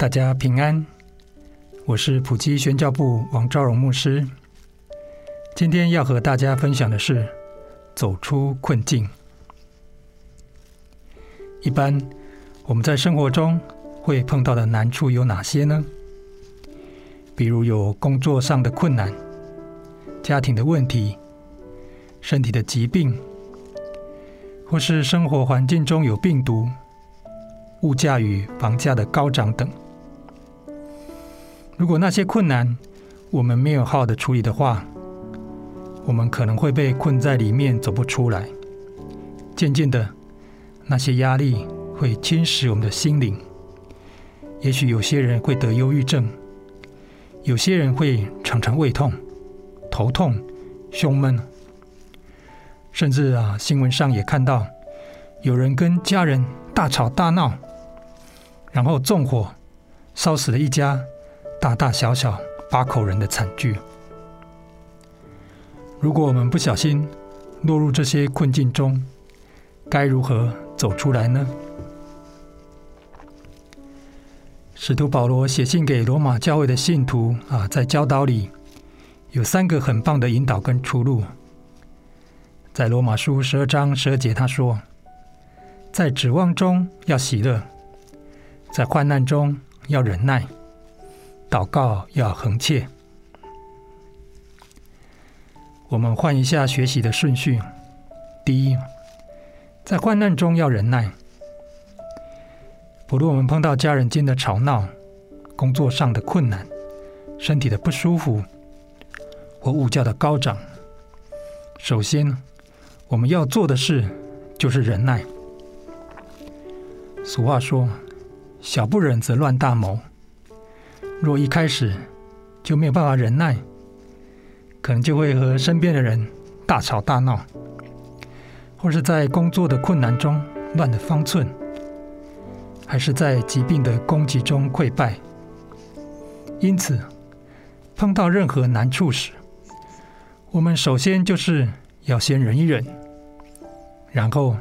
大家平安，我是埔基宣教部王昭榮牧師。今天要和大家分享的是走出困境。一般我們在生活中會碰到的難處有哪些呢？比如有工作上的困難、家庭的問題、身體的疾病，或是生活環境中有病毒、物價與房價的高漲等。如果那些困難我們沒有好好的處理的話，我們可能會被困在裡面走不出來。漸漸的，那些壓力會侵蝕我們的心靈。也許有些人會得憂鬱症，有些人會常常胃痛、頭痛、胸悶，甚至啊，新聞上也看到有人跟家人大吵大鬧，然後縱火燒死了一家。大大小小八口人的慘劇。如果我們不小心落入這些困境中，該如何走出來呢？使徒保羅寫信給羅馬教會的信徒啊，在教導裡有三個很棒的引導跟出路。在羅馬書十二章十二節，他說：“在指望中要喜樂，在患難中要忍耐。”禱告要恆切。我們換一下學習的順序。第一，在患難中要忍耐。不論我們碰到家人間的吵鬧、工作上的困難、身體的不舒服或物價的高漲，首先我們要做的事就是忍耐。俗話說：“小不忍則亂大謀。”若一開始就沒有辦法忍耐，可能就會和身邊的人大吵大鬧，或是在工作的困難中亂了方寸，還是在疾病的攻擊中潰敗。因此，碰到任何難處時，我們首先就是要先忍一忍，然後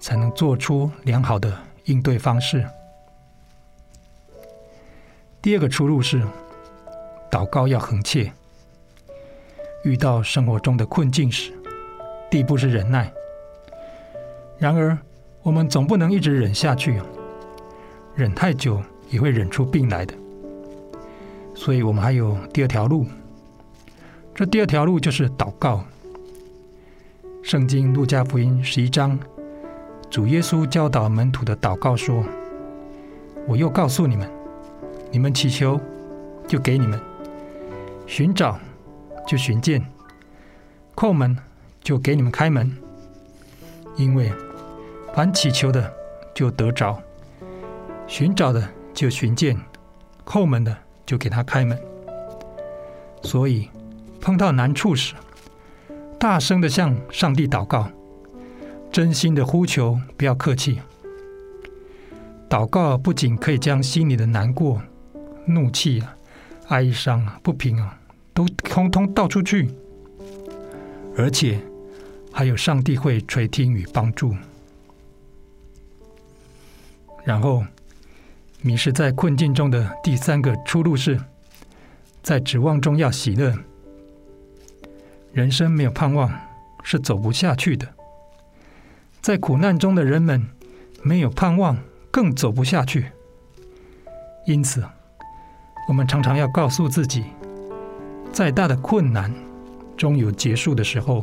才能做出良好的應對方式。第二個出路是禱告要恆切。遇到生活中的困境時，第一步是忍耐。然而，我們總不能一直忍下去，忍太久也會忍出病來的。所以，我們還有第二條路。這第二條路就是禱告。聖經《路加福音》十一章，主耶穌教導門徒的禱告說：“我又告訴你們。”你們祈求，就給你們；尋找，就尋見；叩門，就給你們開門。因為凡祈求的，就得着；尋找的，就尋見；叩門的，就給他開門。所以，碰到難處時，大聲的向上帝禱告，真心的呼求，不要客氣。禱告不僅可以將心裡的難過，怒氣啊，哀傷啊，不平啊，都通通倒出去，而且還有上帝會垂聽與幫助。然後，迷失在困境中的第三個出路是，在指望中要喜樂。人生沒有盼望是走不下去的，在苦難中的人們沒有盼望更走不下去，因此。我們常常要告訴自己：再大的困難，終有結束的時候；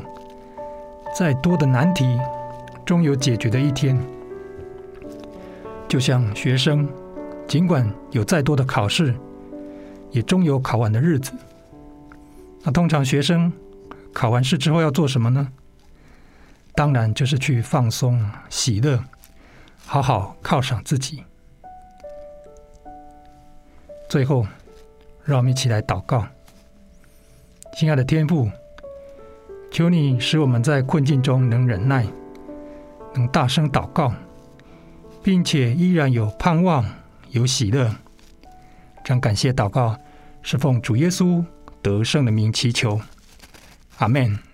再多的難題，終有解決的一天。就像學生，儘管有再多的考試，也終有考完的日子。那通常學生考完試之後要做什麼呢？當然就是去放鬆、喜樂，好好犒賞自己。最後，讓我們一起來禱告。親愛的天父，求你使我們在困境中能忍耐，能大聲禱告，並且依然有盼望、有喜樂。將感謝禱告，是奉主耶穌得勝的名祈求，阿門。